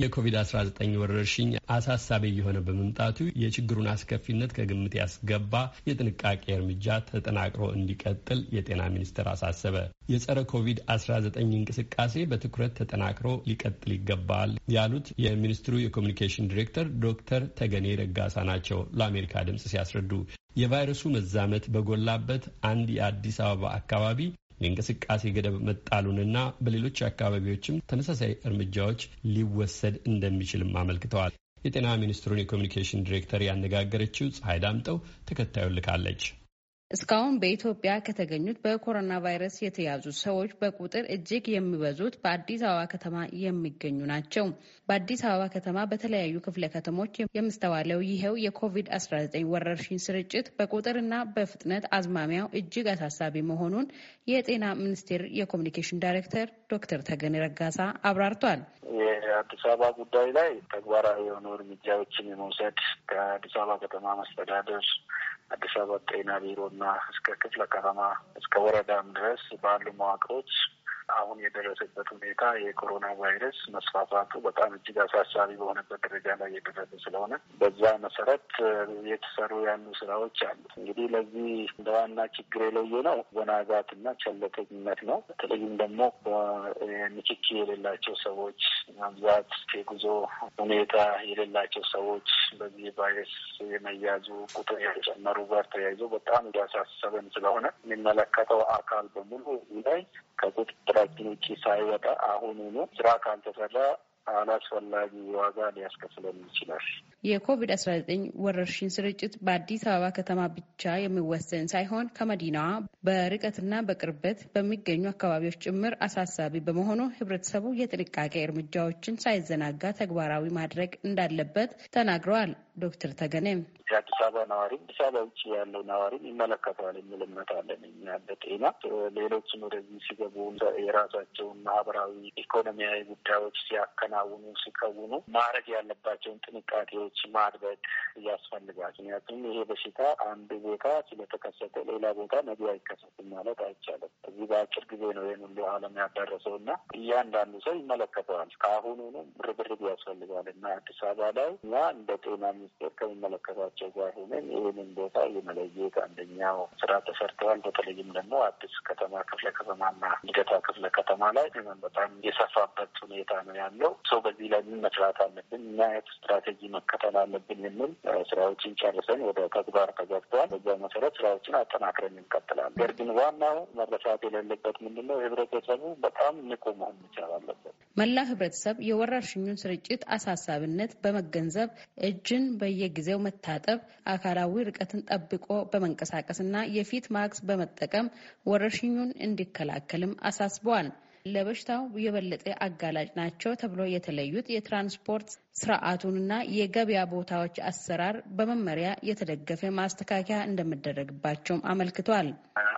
የኮቪድ-19 ወረርሽኝ አሳሳቢ የሆነ በመምጣቱ የችግሩን አስከፊነት ከግምት ያስገባ የጥንቃቄ እርምጃ ተጠናክሮ እንዲቀጥል የጤና ሚኒስቴር አሳሰበ። የጸረ ኮቪድ-19 እንቅስቃሴ በትኩረት ተጠናክሮ ሊቀጥል ይገባል ያሉት የሚኒስትሩ የኮሚኒኬሽን ዲሬክተር ዶክተር ተገኔ ረጋሳ ናቸው ለአሜሪካ ድምፅ ሲያስረዱ የቫይረሱ መዛመት በጎላበት አንድ የአዲስ አበባ አካባቢ የእንቅስቃሴ ገደብ መጣሉንና በሌሎች አካባቢዎችም ተመሳሳይ እርምጃዎች ሊወሰድ እንደሚችልም አመልክተዋል። የጤና ሚኒስትሩን የኮሚኒኬሽን ዲሬክተር ያነጋገረችው ፀሐይ ዳምጠው ተከታዩን ልካለች። እስካሁን በኢትዮጵያ ከተገኙት በኮሮና ቫይረስ የተያዙ ሰዎች በቁጥር እጅግ የሚበዙት በአዲስ አበባ ከተማ የሚገኙ ናቸው። በአዲስ አበባ ከተማ በተለያዩ ክፍለ ከተሞች የምስተዋለው ይኸው የኮቪድ-19 ወረርሽኝ ስርጭት በቁጥርና በፍጥነት አዝማሚያው እጅግ አሳሳቢ መሆኑን የጤና ሚኒስቴር የኮሚኒኬሽን ዳይሬክተር ዶክተር ተገኔ ረጋሳ አብራርቷል። የአዲስ አበባ ጉዳይ ላይ ተግባራዊ የሆኑ እርምጃዎችን የመውሰድ ከአዲስ አበባ ከተማ መስተዳደር አዲስ አበባ ጤና ቢሮ እና እስከ ክፍለ ከተማ እስከ ወረዳም ድረስ ባሉ መዋቅሮች አሁን የደረሰበት ሁኔታ የኮሮና ቫይረስ መስፋፋቱ በጣም እጅግ አሳሳቢ በሆነበት ደረጃ ላይ የደረሰ ስለሆነ በዛ መሰረት የተሰሩ ያሉ ስራዎች አሉ። እንግዲህ ለዚህ እንደ ዋና ችግር የለየ ነው መናጋትና ቸለተኝነት ነው። በተለይም ደግሞ ንክኪ የሌላቸው ሰዎች መብዛት የጉዞ ሁኔታ የሌላቸው ሰዎች በዚህ ቫይረስ የመያዙ ቁጥር የተጨመሩ ጋር ተያይዞ በጣም እያሳሰበን ስለሆነ የሚመለከተው አካል በሙሉ ላይ ከቁጥጥራችን ውጭ ሳይወጣ አሁኑኑ ስራ ካልተሰራ አላስፈላጊ ዋጋ ሊያስከፍለን ይችላል። የኮቪድ-19 ወረርሽኝ ስርጭት በአዲስ አበባ ከተማ ብቻ የሚወሰን ሳይሆን ከመዲናዋ በርቀትና በቅርበት በሚገኙ አካባቢዎች ጭምር አሳሳቢ በመሆኑ ህብረተሰቡ የጥንቃቄ እርምጃዎችን ሳይዘናጋ ተግባራዊ ማድረግ እንዳለበት ተናግረዋል። ዶክተር ተገኔም የአዲስ አበባ ነዋሪም አዲስ አበባ ውጭ ያለው ነዋሪም ይመለከተዋል የሚል እምነት አለን። እኛ በጤና ሌሎችን ወደዚህ ሲገቡ የራሳቸውን ማህበራዊ ኢኮኖሚያዊ ጉዳዮች ሲያከናውኑ ሲከውኑ ማድረግ ያለባቸውን ጥንቃቄ ሰዎች ማድበቅ ያስፈልጋል። ምክንያቱም ይሄ በሽታ አንድ ቦታ ስለተከሰተ ሌላ ቦታ መግቢ አይከሰትም ማለት ዓለም ያዳረሰው እና እያንዳንዱ ሰው ይመለከተዋል። ከአሁኑንም ርብርብ ያስፈልጋል እና አዲስ አበባ ላይ እኛ እንደ ጤና ሚኒስቴር ከሚመለከታቸው ጋር ሆነን ይህንን ቦታ የመለየት አንደኛው ስራ ተሰርተዋል። በተለይም ደግሞ አዲስ ከተማ ክፍለ ከተማና ልደታ ክፍለ ከተማ ላይ ህመም በጣም የሰፋበት ሁኔታ ነው ያለው። ሰው በዚህ ላይ ምን መስራት አለብን፣ እና የት ስትራቴጂ መከተል አለብን የሚል ስራዎችን ጨርሰን ወደ ተግባር ተገብተዋል። በዛ መሰረት ስራዎችን አጠናክረን እንቀጥላለን። ነገር ግን ዋናው መረሳት የሌለበት ምንድነው ህብረተሰብ ህብረተሰቡ በጣም ንቁ መሆን መቻል አለበት። መላ ህብረተሰብ የወረርሽኙን ስርጭት አሳሳቢነት በመገንዘብ እጅን በየጊዜው መታጠብ፣ አካላዊ ርቀትን ጠብቆ በመንቀሳቀስ እና የፊት ማክስ በመጠቀም ወረርሽኙን እንዲከላከልም አሳስበዋል። ለበሽታው የበለጠ አጋላጭ ናቸው ተብሎ የተለዩት የትራንስፖርት ስርዓቱንና የገበያ ቦታዎች አሰራር በመመሪያ የተደገፈ ማስተካከያ እንደሚደረግባቸውም አመልክቷል።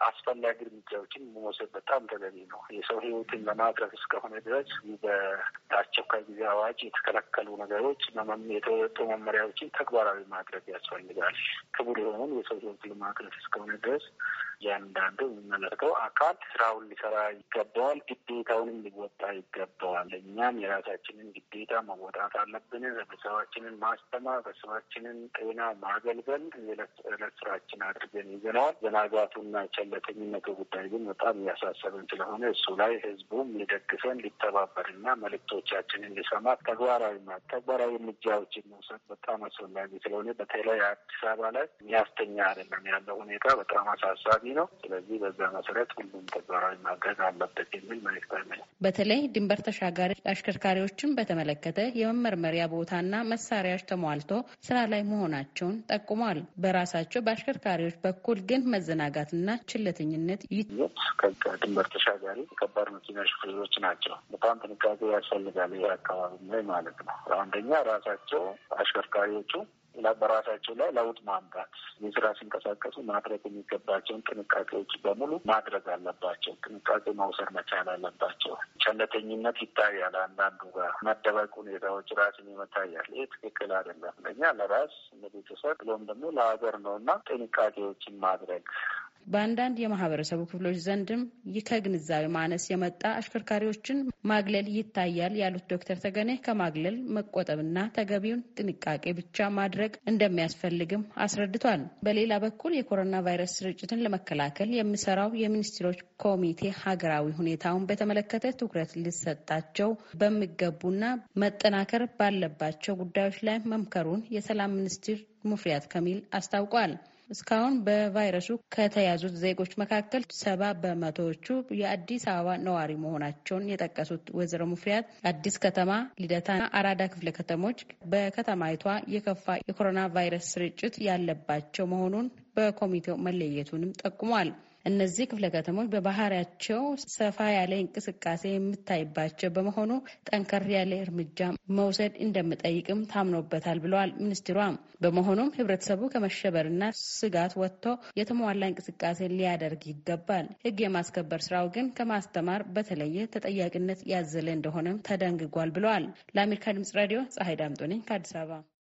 አስፈላጊ እርምጃዎችን መውሰድ በጣም ተገቢ ነው። የሰው ሕይወትን ለማትረፍ እስከሆነ ድረስ በአስቸኳይ ጊዜ አዋጅ የተከለከሉ ነገሮች፣ የተወጡ መመሪያዎችን ተግባራዊ ማድረግ ያስፈልጋል። ክቡር የሆነን የሰው ሕይወትን ለማትረፍ እስከሆነ ድረስ እያንዳንዱ የሚመለከተው አካል ስራውን ሊሰራ ይገባዋል፣ ግዴታውንም ሊወጣ ይገባዋል። እኛም የራሳችንን ግዴታ መወጣት አለብን ህብረተሰባችንን ማስተማር፣ ህብረተሰባችንን ጤና ማገልገል የዕለት ስራችን አድርገን ይዘነዋል። ዘናጋቱና ቸለተኝነቱ ጉዳይ ግን በጣም እያሳሰብን ስለሆነ እሱ ላይ ህዝቡም ሊደግፈን ሊተባበርና መልእክቶቻችንን ሊሰማ ተግባራዊና ተግባራዊ እርምጃዎችን መውሰድ በጣም አስፈላጊ ስለሆነ በተለይ አዲስ አበባ ላይ የሚያስተኛ አይደለም ያለው ሁኔታ በጣም አሳሳቢ ነው። ስለዚህ በዛ መሰረት ሁሉም ተግባራዊ ማገዝ አለበት የሚል መልዕክት በተለይ ድንበር ተሻጋሪ አሽከርካሪዎችን በተመለከተ የመመርመሪያ ቦታና መሳሪያዎች ተሟልቶ ስራ ላይ መሆናቸውን ጠቁሟል። በራሳቸው በአሽከርካሪዎች በኩል ግን መዘናጋትና ችለተኝነት ይት ከድንበር ተሻጋሪ ከባድ መኪና ሹፌሮች ናቸው። በጣም ጥንቃቄ ያስፈልጋል። ይህ አካባቢ ላይ ማለት ነው። አንደኛ ራሳቸው አሽከርካሪዎቹ በራሳቸው ላይ ለውጥ ማምጣት የስራ ሲንቀሳቀሱ ማድረግ የሚገባቸውን ጥንቃቄዎች በሙሉ ማድረግ አለባቸው። ጥንቃቄ መውሰድ መቻል አለባቸው። ቸለተኝነት ይታያል። አንዳንዱ ጋር መደበቅ ሁኔታዎች ራስን ይመታያል። ይህ ትክክል አይደለም። ለእኛ ለራስ ለቤተሰብ ብሎም ደግሞ ለሀገር ነው እና ጥንቃቄዎችን ማድረግ በአንዳንድ የማህበረሰቡ ክፍሎች ዘንድም ይህ ከግንዛቤ ማነስ የመጣ አሽከርካሪዎችን ማግለል ይታያል ያሉት ዶክተር ተገኔ ከማግለል መቆጠብና ተገቢውን ጥንቃቄ ብቻ ማድረግ እንደሚያስፈልግም አስረድቷል። በሌላ በኩል የኮሮና ቫይረስ ስርጭትን ለመከላከል የሚሰራው የሚኒስትሮች ኮሚቴ ሀገራዊ ሁኔታውን በተመለከተ ትኩረት ሊሰጣቸው በሚገቡና መጠናከር ባለባቸው ጉዳዮች ላይ መምከሩን የሰላም ሚኒስትር ሙፍሪያት ከሚል አስታውቋል። እስካሁን በቫይረሱ ከተያዙት ዜጎች መካከል ሰባ በመቶዎቹ የአዲስ አበባ ነዋሪ መሆናቸውን የጠቀሱት ወይዘሮ ሙፍሪያት አዲስ ከተማ፣ ልደታና አራዳ ክፍለ ከተሞች በከተማይቷ የከፋ የኮሮና ቫይረስ ስርጭት ያለባቸው መሆኑን በኮሚቴው መለየቱንም ጠቁሟል። እነዚህ ክፍለ ከተሞች በባህሪያቸው ሰፋ ያለ እንቅስቃሴ የምታይባቸው በመሆኑ ጠንከር ያለ እርምጃ መውሰድ እንደምጠይቅም ታምኖበታል ብለዋል ሚኒስትሯ። በመሆኑም ህብረተሰቡ ከመሸበርና ስጋት ወጥቶ የተሟላ እንቅስቃሴ ሊያደርግ ይገባል። ህግ የማስከበር ስራው ግን ከማስተማር በተለየ ተጠያቂነት ያዘለ እንደሆነም ተደንግጓል ብለዋል። ለአሜሪካ ድምጽ ሬዲዮ ፀሐይ ዳምጦ ነኝ ከአዲስ አበባ።